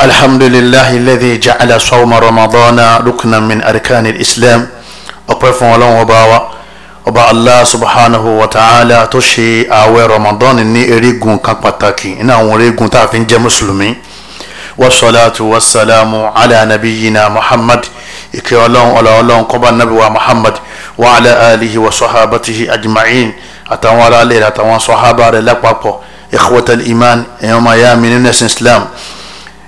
الحمد لله الذي جعل صوم رمضان ركنا من أركان الإسلام ọpẹ́ fún Ọlọ́run ọba wa ọba allah subhanahu wa ta'ala tó ṣe ààwẹ̀ ramadan ní erégun kan pàtàkì iná àwọn erégun tá a fi ń jẹ́ mùsùlùmí wasalaatu wasalaamu ala nabiyina muhammad ìkẹ́ Ọlọ́run ọlọ Ọlọ́run kọba nabi wa muhammad wa ala alihi wa sahabatihi ajma'in àtàwọn aráàlẹ àtàwọn sahaba rẹ̀ lápapọ̀ ikhwatal iman ẹ̀yọ́n mayami nínú ẹ̀sìn islam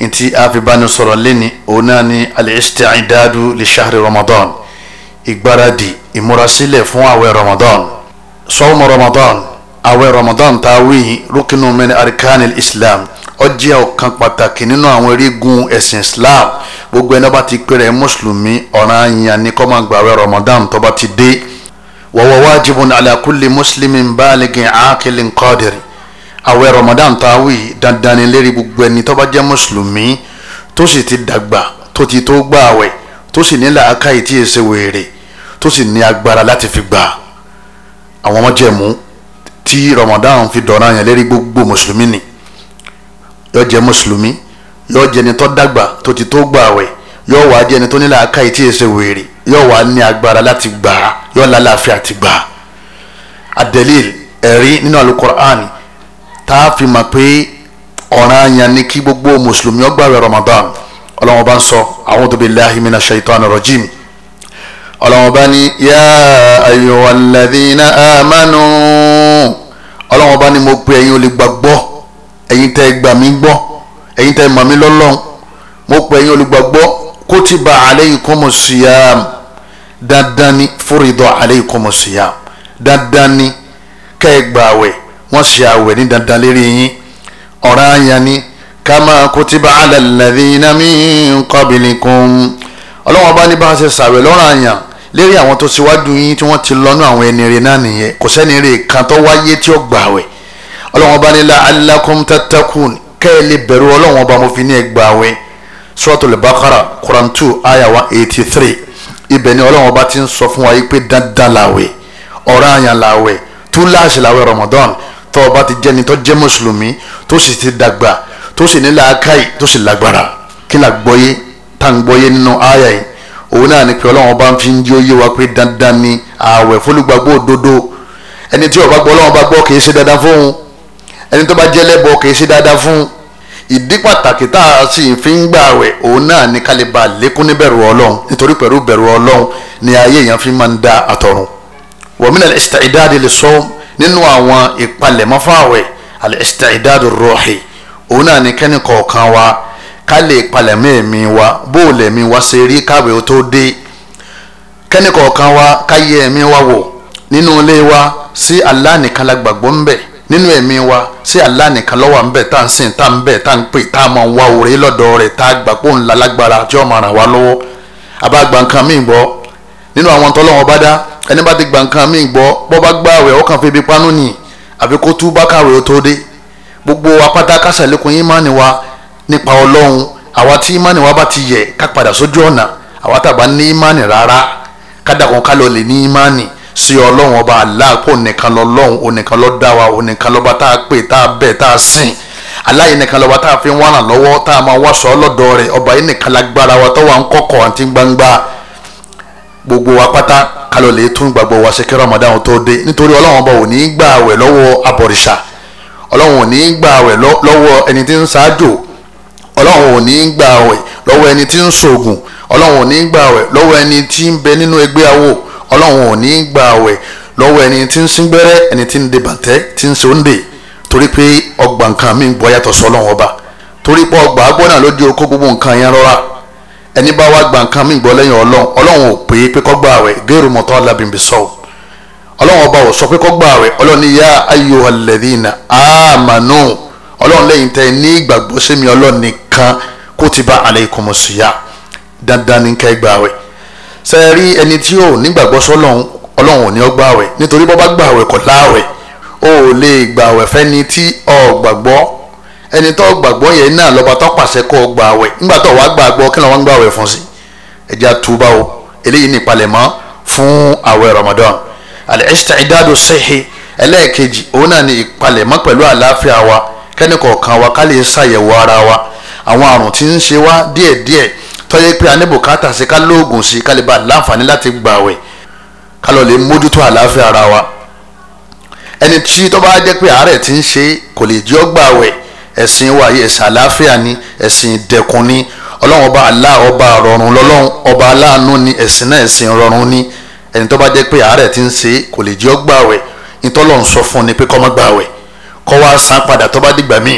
nti afibani sọ̀rọ̀ lẹ́ni òun náà ni al-isti'dadu li shahri ramadan ìgbáradì ìmúrasílẹ̀ fún àwẹ̀ ramadan sọ́wọ́mọ ramadan àwẹ̀ ramadan tá a wí rúkìnnú min arkanil islam ó jẹ́ ọ̀kan pàtàkì nínú àwọn erígun ẹ̀sìn islam gbogbo ẹni bá ti pèrè mùsùlùmí ọ̀ranyàn ni kó máa gbààwẹ̀ ramadan tó ti dé wa huwa wajibun ala muslimin balighin aqilin qadir àwẹ̀ Ramadan tawi, a wí dandan ni lérí gbogbo ẹni tó bá jẹ́ mùsùlùmí tó sì ti dàgbà tó ti tó gbà àwẹ̀ tó sì ní làákàyè tí èsè wèrè tó sì ní agbára láti fi gbà àwọn májẹ̀mú tí Ramadan fi dọ̀rọ̀ yẹn lérí gbogbo mùsùlùmí ni yóò jẹ́ mùsùlùmí yóò jẹ́ ẹni tó dàgbà tó ti tó gbà àwẹ̀ yóò wá jẹ́ ẹni tó ní làákàyè tí èsè wèrè yóò wá ní agbára láti gbà yóò lálàáfíà ti gbà adelil ẹ̀rí nínú alukur'ani tá a fi mọ̀ pé ọ̀ranyàn ni kí gbogbo mùsùlùmí ó gbààwẹ̀ Ramadan ọlọ́wọ́n bá ń sọ a'udhu billahi minash shaitanir rajim ọlọ́wọ́n bá ní yá ayyuhal ladhina amanu ọlọ́wọ́n bá ní mo pe ẹ̀yin olùgbàgbọ́ ẹ̀yin tẹ́ gbà mí gbọ́ ẹ̀yin tẹ́ mọ̀ mí lọ́lọ́run mo pe ẹ̀yin olùgbàgbọ́ kutiba alaykumus siyam dandan ni fúridọ̀ alaykumus siyam dandan ni kẹ́ gbààwẹ̀ wọ́n ṣe àwẹ̀ ní dandan lérí yín ọ̀ranyàn ni kama kutiba ala alladhina min qablikum ọlọ́wọ́n bá ní bá ṣe ṣàwẹ̀ lọ́ranyàn lérí àwọn tó ṣíwájú yín tí wọ́n ti lọ́nú àwọn ẹni rẹ̀ náà nìyẹn kò sẹ́ni rẹ̀ kan tó wáyé tí ó gbàwẹ̀ ọlọ́wọ́n bá ní la'allakum tattaqun kẹ́ ẹ lè bẹ̀rù ọlọ́wọ́n bá mo fi ní ẹ túláàṣì làwẹ̀ ramadan tó o bá ti jẹ́ni tó jẹ́ mùsùlùmí tó sì ti dàgbà tó sì ní làákàyè tó sì lágbára kí là gbọ́yé tá ń gbọ́yé nínú àyà yìí òun náà ni pé ọlọ́run bá ń fi ń jí oyé wa pé dandan ni ààwẹ̀ fólúgbàgbọ́ òdodo ẹni tí ó bá gbọ́ ọlọ́run bá gbọ́ kìí ṣe dandan fún un ẹni tó bá jẹ́ lẹ́bọ kìí ṣe dandan fún un ìdí pàtàkì tá a sì fi ń gbààwẹ̀ òun náà ni ká lékún ní bẹ̀rù ọlọ́run nítorí pẹ̀lú bẹ̀rù ọlọ́run ni ayé èèyàn fi máa ń da àtọ̀run wa min al-isti'dad li-sawm nínú àwọn ìpalẹ̀mọ́ fáwẹ̀ al-isti'dadu ruhi òun náà ní kẹ́ni kọ̀ọ̀kan wa ká lè palẹ̀mọ́ ẹ̀mí wa bó o lẹ̀mí wa ṣe rí káwé o tó dé kẹ́ni kọ̀ọ̀kan wa ká yẹ ẹ̀mí wa wò nínú ilé wa sí Allah nìkan ń bẹ̀ nínú ẹ̀mí wa sí Allah nìkan ń bẹ̀ tá ń sìn tá ń bẹ̀ tá ń pè tá a máa wá òrè lọ́dọ̀ rẹ̀ tá a gbà pé òun lálágbára tí ó nínú àwọn tọ́lọ́wọ́n bá dá ẹni bá ti gbà nǹkan míì gbọ́ bọ́ bá gbààwẹ̀ ó kàn fi ibi pánú nì àfi kó tú bákàwé ó tó dé gbogbo apáta kásálẹ́kùn ìmánì wa nípa ọlọ́run àwa tí ìmánì wa bá ti yẹ ká padà sójú ọ̀nà àwa tàbá ní ìmánì rárá kádàkùn ká lọ lè ní ìmánì sí ọlọ́run ọba aláàpò nìkan lọ́lọ́run onìkan ló dá wa onìkan lọ́ba tá a pè tá a bẹ̀ tá a sìn aláyé nìkan lọ́ba tá a fi ń wá ràn lọ́wọ́ tá a máa wá sọ ọ́ lọ́dọ̀ rẹ̀ ọba yìí nìkan lágbára wa tó wà ń kọ̀kọ̀ àti gbangba gbogbo wa pátá kálọ̀ lè tún gbàgbọ́ wa ṣe kí Ramadan tó dé nítorí ọlọ́run ọba ò ní gbà àwẹ̀ lọ́wọ́ abọ̀rìṣà ọlọ́run ò ní gbà àwẹ̀ lọ́wọ́ ẹni tí ń ṣáájò ọlọ́run ò ní gbà àwẹ̀ lọ́wọ́ ẹni tí ń ṣoògùn ọlọ́run ò ní gbà àwẹ̀ lọ́wọ́ ẹni tí ń bẹ nínú ẹgbẹ́ awo ọlọ́run ò ní gbà àwẹ̀ lọ́wọ́ ẹni tí ń síngbẹ́rẹ́ ẹni tí ń de bàtẹ́ tí ń ṣe òǹdè torí pé ọgbà nǹkan mi ń bọ́ yàtọ̀ sọ́lọ́run ọba torí pé ọgbà agbọ́nà lójú okó gbogbo nǹkan yẹn rọra ẹni bá wá gba nǹkan mìíràn gbọ́ lẹ́yìn ọlọ́run ọlọ́run ò pè é pé kó gbà àwẹ̀ géèrú mọ̀tọ́ alábìnrin sọ ọlọ́run ọba ò sọ pé kó gbà àwẹ̀ ọlọ́run ní yá ayò alẹ́dínà àmànú ọlọ́run lẹ́yìn tẹ́ ní ìgbàgbọ́ sí mi ọlọ́run nìkan kó ti bá alaykum siyam dandan ní ká gbà àwẹ̀ ṣe rí ẹni tí ò nígbàgbọ́ sọlọ́run ọlọ́run ò ní ó gbà àwẹ̀ nítorí bó bá gbà o ò lè gbà àwẹ̀ fẹ́ni tí ò ẹni tó gbàgbọ́ yẹn náà lọ́ba tó pàṣẹ kó o gbà wẹ̀ nígbà tó wàá gbàgbọ́ kí lọ́wọ́ ń gbà wẹ̀ fún sí ẹja túbà o eléyìí ní ìpalẹ̀mọ́ fún àwẹ̀ Ramadan al-isti'dadu sihhi ẹlẹ́ẹ̀kejì òun náà ní ìpalẹ̀mọ́ pẹ̀lú àlàáfíà wa kẹ́ni kọ̀ọ̀kan wa ká lè ṣàyẹ̀wò ara wa àwọn àrùn tí ń ṣe wá díẹ̀díẹ̀ tó yẹ pé anibukata sí ká lóògùn sí ká lè ba láǹfààní láti gbàwẹ̀ ká lọ lè mójútó àlàáfíà ara wa ẹni tí tó jẹ́ pé àárẹ̀ ti ń ṣe kò lè jẹ́ ó gbàwẹ̀ ẹ̀sìn wa yìí ẹ̀sìn àlàáfíà ni ẹ̀sìn ìdẹ̀kùn ni ọlọ́run ọba Allah ọba rọrùn lọ́lọ́run ọba aláàánú ni ẹ̀sìn náà ẹ̀sìn rọrùn ni ẹni tó bá jẹ́ pé àárẹ̀ ti ń ṣe kò lè jẹ́ gbààwẹ̀ ìtọ́lọ́run sọ fún ni pé kó má gbààwẹ̀ kó wá san padà tó bá dìgbà míì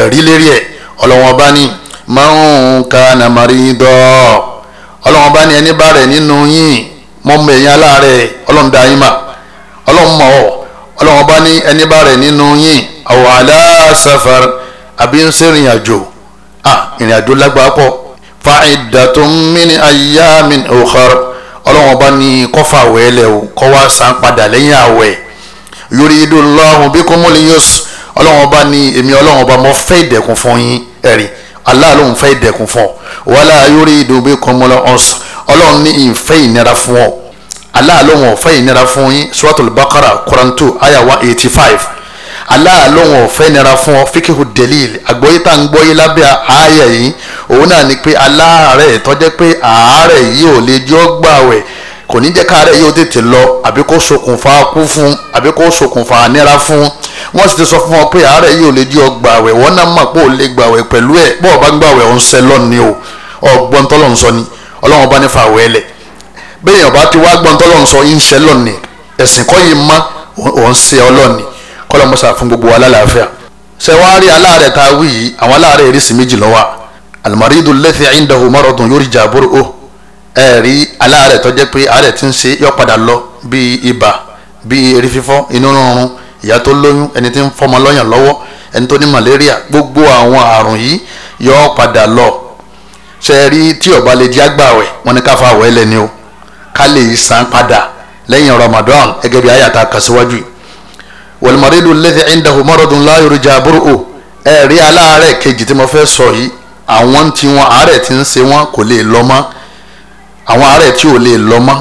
ẹ̀rí lérí ẹ̀ ọlọ́run ọba ní man marido ọlọ́run ọba ẹni bá rẹ̀ nínú yìí. mọ́ ẹ̀yin aláàárẹ̀ ọlọ́run dá yín mà ọlọ́run mọ̀ ọ́ ọlọ́run ọba ẹni bá rẹ̀ nínú aw ala safar àbí ń ṣe ìrìn àjò ah ìrìn àjò lágbàá pọ̀ fa'iddatun min ayyamin ukhar ọlọ́wọ́n bá ní kọ́fà wẹ́lẹ̀ o kọ́ wá san padà lẹ́yìn àwẹ̀ yuridullahu bikumul yus ọlọ́wọ́n bá ní èmi ọlọ́wọ́n bá mọ́ fẹ́ ìdẹ̀kùn fún yín ẹ̀rí Allah fẹ́ ìdẹ̀kùn fún ọ wala yuridu bikumul usr ọlọ́run ní ìfẹ́ ìnira fún ọ Allah fẹ́ ìnira fún yín suratul baqara quran two eighty five aláàlóhùn ọ̀fẹ́ nira fún ọ fíkìhù delil àgbọ́yé tá à ń gbọ́yé lábẹ́ ààyè yìí òun náà ni pé aláàárẹ̀ tọ́jẹ́ pé àárẹ̀ yìí ò lè jọ́ gbàwẹ̀ kò ní jẹ́ káàárẹ̀ yìí ó tètè lọ àbí kó ṣokùnfà kú fún àbí kó ṣokùnfà nira fún wọ́n sì ti sọ fún ọ pé àárẹ̀ yìí ò lè jọ́ gbàwẹ̀ wọ́n náà mọ̀ pé ò lè gbàwẹ̀ pẹ̀lú ẹ̀ bọ́ọ̀ bá gbàwẹ̀ ò ń ṣẹ ò ń ṣe kọlọmọsà fún gbogbo wa lálàáfíà sẹwárí aláàrẹ tá a wí yìí àwọn aláàrẹ ìrísí méjì ló wà alimaridu lẹsẹ ayindahu marodun yóò jà bóró o ẹ rí aláàrẹ tó jẹ́ pé àárẹ̀ ti ń ṣe yọ padà lọ bíi ibà bíi erí fífọ́ inú rúnrún ìyá tó lóyún ẹni tí ń fọmọ lọ́yàn lọ́wọ́ ẹni tó ní malaria gbogbo àwọn àrùn yìí yọ padà lọ ṣe rí tí ọba lè di agbáwẹ̀ wọn ni ká fa àwẹ̀ o ká lè san padà lẹ́yìn Ramadan gẹ́gẹ́ bí àyàtà kàṣíwájú yìí wọlùmọ̀rẹ́dù lẹ́dí ẹ̀ńdàhùn mọ́rọ̀dùn láyòrò jàbúrò ẹ̀rí aláàárẹ̀ kejì tí mo fẹ́ sọ yìí àwọn tí wọn àárẹ̀ tí ń ṣe wọn kò lè lọ mọ́ àwọn àárẹ̀ tí ò lè lọ mọ́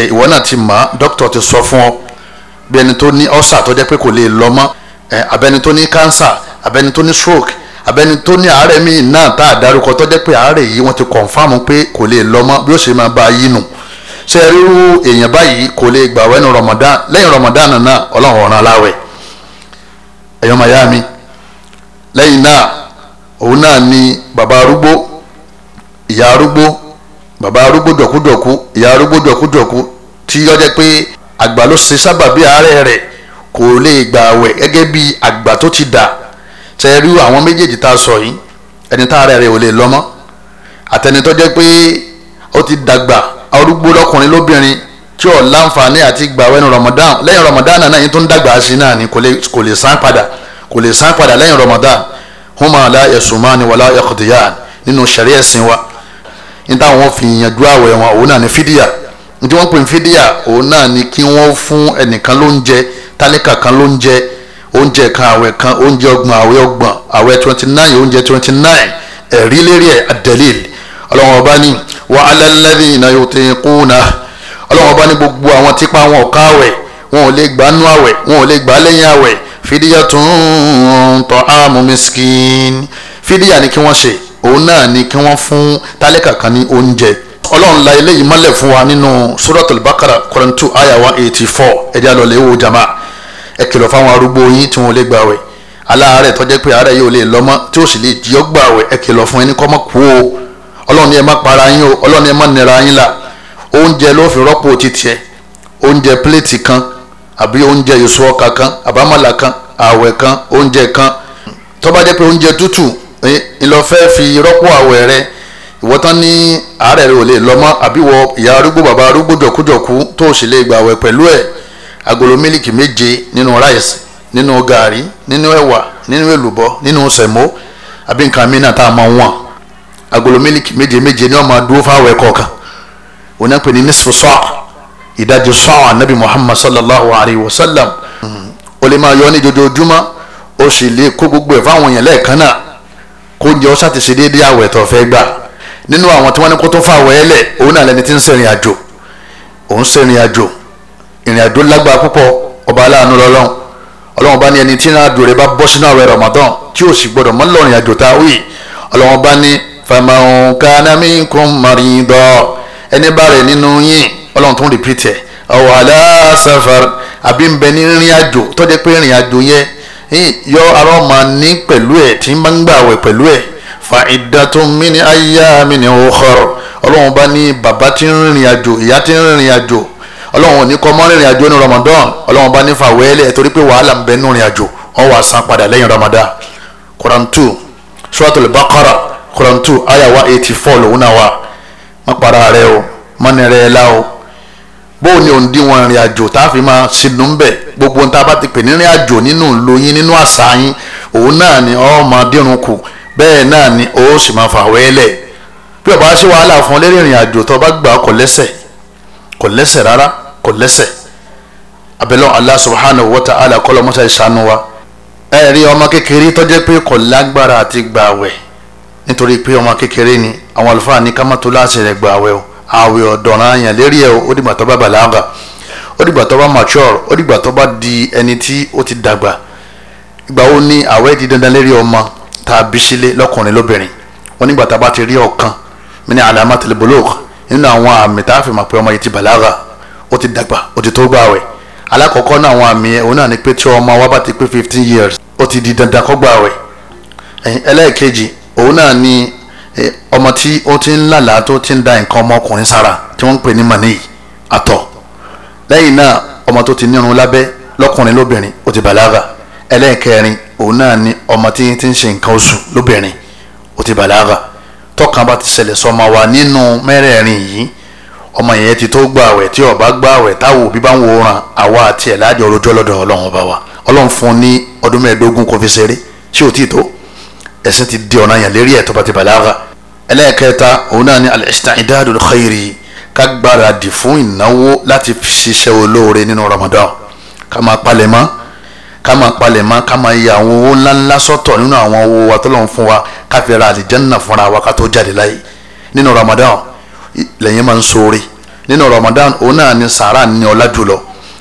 ẹ̀ ìwọ náà ti mọ̀ dókítà ti sọ fún ọ bí ẹni tó ní ọ́sà tó jẹ́ pé kò lè lọ mọ́ ẹ̀ abẹ́ni tó ní kánsà abẹ́ni tó ní stroke abẹ́ni tó ní àárẹ̀ míì náà tá a dárúkọ tó jẹ́ pé àárẹ̀ yìí wọ́n ti kọ̀ǹfàmù pé kò lè lọ mọ́ bí ó ṣe máa bá a yín nù ṣe ríru èèyàn báyìí kò lè gbààwẹ̀ ní Ramadan lẹ́yìn Ramadan náà ọlọ́run ọ̀ràn aláwẹ̀ ẹ̀yọ́ mayami lẹ́yìn náà òun náà ni bàbá arúgbó ìyá arúgbó bàbá arúgbó dọ̀kúdọ̀kú ìyá arúgbó dọ̀kúdọ̀kú tí ó jẹ́ pé àgbà ló ṣe sábàbí àárẹ̀ rẹ̀ kò lè gbààwẹ̀ gẹ́gẹ́ bí àgbà tó ti dà ṣe ríru àwọn méjèèjì tá a sọ yìí ẹni tá àárẹ̀ rẹ̀ ò lè lọ́mọ́ àtẹnitọ́jẹ́ pé ó ti dàgbà arúgbó lọ́kùnrin lóbìnrin tí ò láǹfààní àti gbàwẹ̀ ní Ramadan lẹ́yìn Ramadan náà yìí tó ń dàgbà sí náà ni kò lè san padà kò lè san padà lẹ́yìn Ramadan huma la yasumani wala yaqdiyan nínú sariya ẹ̀sìn wa ní táwọn fi yanjú àwẹ̀ wọn òun náà ni fídíà ní tí wọ́n pè ní fídíà òun náà ni kí wọ́n fún ẹnìkan lóúnjẹ tálíkà kan lóúnjẹ oúnjẹ kan àwẹ̀ kan oúnjẹ ọgbọ̀n àwẹ̀ ọgbọ̀n àwẹ̀ twenty nine oúnjẹ twenty nine ẹ̀rí lérí ẹ̀ adẹ́lẹ́lẹ́ ọlọ́run ọba ní wa ala alladhina yutiquna ọlọ́run ọba ní gbogbo àwọn tipa wọn ọ̀ka àwẹ̀ wọn ò lè gbà nú àwẹ̀ wọn ò lè gbà lẹ́yìn àwẹ̀ fidiyatun ta'amu miskin fídíà ni kí wọ́n ṣe òun náà ni kí wọ́n fún tálẹ́kà kan ní oúnjẹ ọlọ́run la eléyìí mọ́lẹ̀ fún wa nínú suratul bakara kọ́rẹ́ntù àyà one eighty four ẹ̀dí àlọ́lẹ̀ ewu jama ẹ kìlọ̀ fáwọn arúgbó yín tí wọ́n lè gbà wẹ̀ aláàárẹ̀ tọ́jẹ́ pé àárẹ̀ yóò lè lọ́mọ tí ó sì lè jí ọ́ wẹ̀ ẹ kìlọ̀ fún ẹni kọ́mọ́ kú o ọlọ́run ni ẹ má para yín o ọlọ́run ni ẹ má nira yín la oúnjẹ ló fi rọ́pò titiẹ oúnjẹ pléètì kan àbí oúnjẹ èso ọkà kan àbámàlà kan ààwẹ̀ kan oúnjẹ kan tó bá jẹ́ pé oúnjẹ tútù ńlọfẹ́ fi rọ́pò ààwẹ̀ rẹ ìwọ tán ní àárẹ̀ rẹ ò lè lọ àbí wọ ìyá arúgbó bàbá arúgbó jọ̀kújọ̀kú tó o sì lè gbà ààwẹ̀ pẹ̀lú ẹ̀ agolo mílìkì méje nínú ráìsì nínú gàrí nínú ẹ̀wà nínú èlùbọ́ nínú sẹ̀mó àbí nǹkan mìíràn tá a máa wọ̀n agolo mílíkì méje méje ní ọmọ adúró fáwọn ẹ̀kọ́ kan òun náà pè ní nisfu sa'a ìdajì anabi muhammad sallallahu alayhi wa sallam o lè máa yọ ní jojoojúmọ́ o sì lè kó gbogbo ẹ̀ fáwọn èèyàn lẹ́ẹ̀kan náà kó jẹ́ ọ́ sàtìsí déédéé àwẹ̀ tó fẹ́ gbà nínú àwọn tí wọ́n ní kó tó fàwọ̀ ẹ́ lẹ̀ òun náà lẹni tí ń ṣèrìn òun ṣèrìn àjò ìrìn àjò lágbára púpọ̀ ọba aláàánú lọ́lọ́run ọlọ́run bá ní ẹni tí ìrìn àjò rẹ̀ bá bọ́ sínú àwẹ̀ ramadan tí ò sì gbọdọ̀ mọ́ lọ́rìn àjò tá a wí ọlọ́run bá ní faman kana minkum marida ẹni bá rẹ̀ nínú yín ọlọ́run tó ń repeat ẹ̀ aw ala safar àbí ń bẹ ní rìn àjò tó pé rìn àjò yẹn yọ ara ọmọ ní pẹ̀lú ẹ̀ tí máa ń gbà wẹ̀ pẹ̀lú ẹ̀ fa iddatun min ayyamin ukhar ọlọ́run bá ní bàbá tí ń rìn àjò ìyá tí ń rìn àjò ọlọ́run ní kọ́ mọ́ rìnrìn àjò ní Ramadan ọlọ́run bá ní fàwẹ́lẹ̀ torí pé wàhálà ń bẹ nínú rìn àjò wọn wà san padà lẹ́yìn Ramadan Quran two Suratul Baqara Quran two aya one eighty four lòun náà wà má para rẹ o má ní rẹ la o bó o ní òun dín wọn ìrìn àjò tá a fi máa sinú ń bẹ gbogbo nta bá ti pè ní ìrìn àjò nínú lóyún nínú àṣà yín òun náà ni ọ máa dírun kù bẹ́ẹ̀ náà ni ó sì máa fà wẹ́lẹ̀ bí ọba ṣe wàhálà fún ọ lérí ìrìn àjò tó bá gbà kò lẹ́sẹ̀ kò lẹ́sẹ̀ rárá kò lẹ́sẹ̀ abẹ́lẹ́ Allah subhanahu wa ta'ala kọ́lọ́mọ́sá ìṣàánú wa ẹ̀rí ọmọ kékeré tó jẹ́ pé kò lágbára àti gbààwẹ̀ nítorí pé ọmọ kékeré ni àwọn àlùfáà ní ká má tó láti rẹ̀ gba àwẹ̀ o àwẹ̀ ọ̀dọ̀ràn àyàn lérí ẹ̀ o ó dìgbà tó bá bàlágà ó dìgbà tó bá mature ó dìgbà tó bá di ẹni tí ó ti dàgbà ìgbà wo ni àwẹ̀ di dandan lérí ọmọ tá a bí sílé lọ́kùnrin lóbìnrin wọn nígbà tá a bá ti rí ọ̀kan mi ní alamatul bulugh nínú àwọn àmì tá a fi mọ̀ pé ọmọ yìí ti bàlágà ó ti dàgbà ó ti tó gbà àwẹ̀ alákọ̀ọ́kọ́ náà àwọn àmì ẹ̀ òun náà ni pé tí ọmọ wa bá ti pé fifteen years ó ti di dandan kó gbà àwẹ̀ ẹlẹ́ẹ̀kejì òun náà ni ọmọ tí ó ti ń lálàá tó ti ń da nǹkan ọmọkùnrin sára tí wọ́n ń pè ní mani àtọ̀ lẹ́yìn náà ọmọ tó ti nírun lábẹ́ lọ́kùnrin lóbìnrin ó ti bàlágà ẹlẹ́ẹ̀kẹrin òun náà ni ọmọ tí ti ń ṣe nǹkan oṣù lóbìnrin ó ti bàlágà tọ́kàn bá ti ṣẹlẹ̀ sọmọ wa nínú mẹ́rẹ̀ẹ̀rin yìí ọmọ yẹn ti tó gbà wẹ̀ tí ọba gbà wẹ̀ táwọn òbí bá ń wòran àwa àti ẹ̀ láàjọ rojọ́ lọ́dọ̀ ọlọ́run ọba wa ọlọ́run fún ní ọdún mẹ́ẹ̀ẹ́dógún kò ṣeré ṣé ò tí ì tó ẹ̀sìn ti di ọ̀nà yẹn lérí ẹ̀ tó bá ti bàlágà ẹlẹ́ẹ̀kẹta òun náà ni al-isti'dadul khairi ká gbáradì fún ìnáwó láti ṣiṣẹ́ olóore nínú Ramadan ká máa palẹ̀mọ́ ká máa palẹ̀mọ́ ká máa yẹ àwọn owó ńláńlá sọ́tọ̀ nínú àwọn owó wa tọ́lọ́run fún wa ká ra àlìjẹ́nà fúnra wa ká tó jáde láyé nínú Ramadan lẹ́yìn máa ń ṣoore nínú Ramadan òun náà ni sàrà ni ọlá jùlọ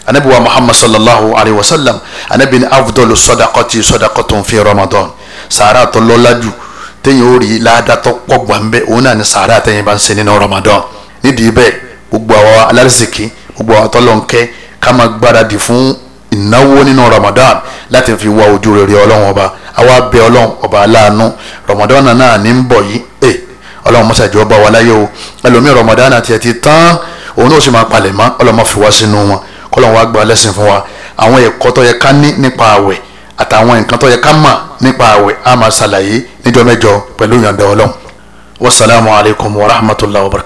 anabi Muhammad sallallahu alayhi wa sallam anabi ni afdalu sadaqati sadaqatun fi Ramadan sàárà tó lọ́lá jù téyìn ó rí ládàtọ̀ pọ̀gbà ń bẹ òun náà ni sàárà téyìn bá ń ṣe nínú Ramadan nídìí bẹ́ẹ̀ gbogbo àwa alárìsìkì gbogbo àwa tọ́lọ́nkẹ́ ká máa gbáradì fún ìnáwó nínú Ramadan láti fi wá ojú rere Ọlọ́run ọba àwa bẹ Ọlọ́run ọba aláàánú Ramadan náà ní ń bọ̀ yìí ẹ Ọlọ́run mọ́sàjọ́ bá wa láyé o ẹlòmíì Ramadan àti ẹ̀ ti tán òun náà sì máa palẹ̀ mọ́ Ọlọ́run má fi wá sínú wọn kọ́lọ́run wá gba lẹ́sìn fún wa àwọn ẹ̀kọ́ tó yẹ ká ní nípa àwẹ̀ àtàwọn nǹkan tó yẹ ká mọ̀ nípa àwẹ̀ a máa ṣàlàyé níjọ́ mẹ́jọ pẹ̀lú ìyọ̀ǹda ọlọ́run wasalaamualeykum wa rahmatulah wa barakatuh.